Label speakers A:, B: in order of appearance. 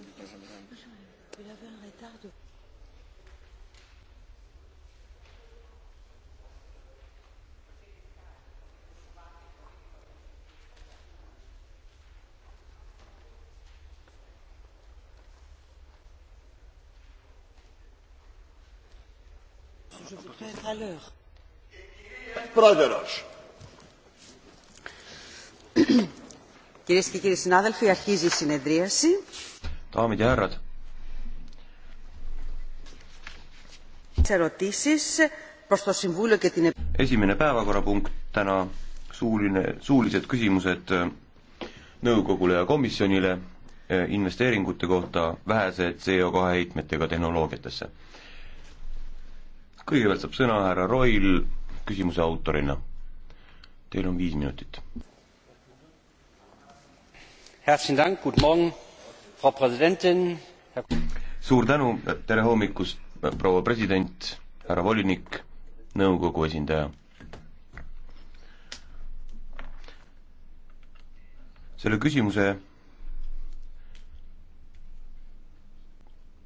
A: Il avait un retard de Je voudrais être à l'heure.
B: Πρόεδρος. Κυρίες
C: και κύριοι συνάδελφοι, αρχίζει η συνεδρίαση
B: daamid ja härrad.
D: esimene päevakorrapunkt täna, suuline, suulised küsimused äh, nõukogule ja komisjonile äh, investeeringute kohta vähese CO2 heitmetega tehnoloogiatesse. kõigepealt saab sõna härra Roil küsimuse autorina. Teil on viis minutit suur tänu, tere hommikust, proua president, härra volinik, nõukogu esindaja. selle küsimuse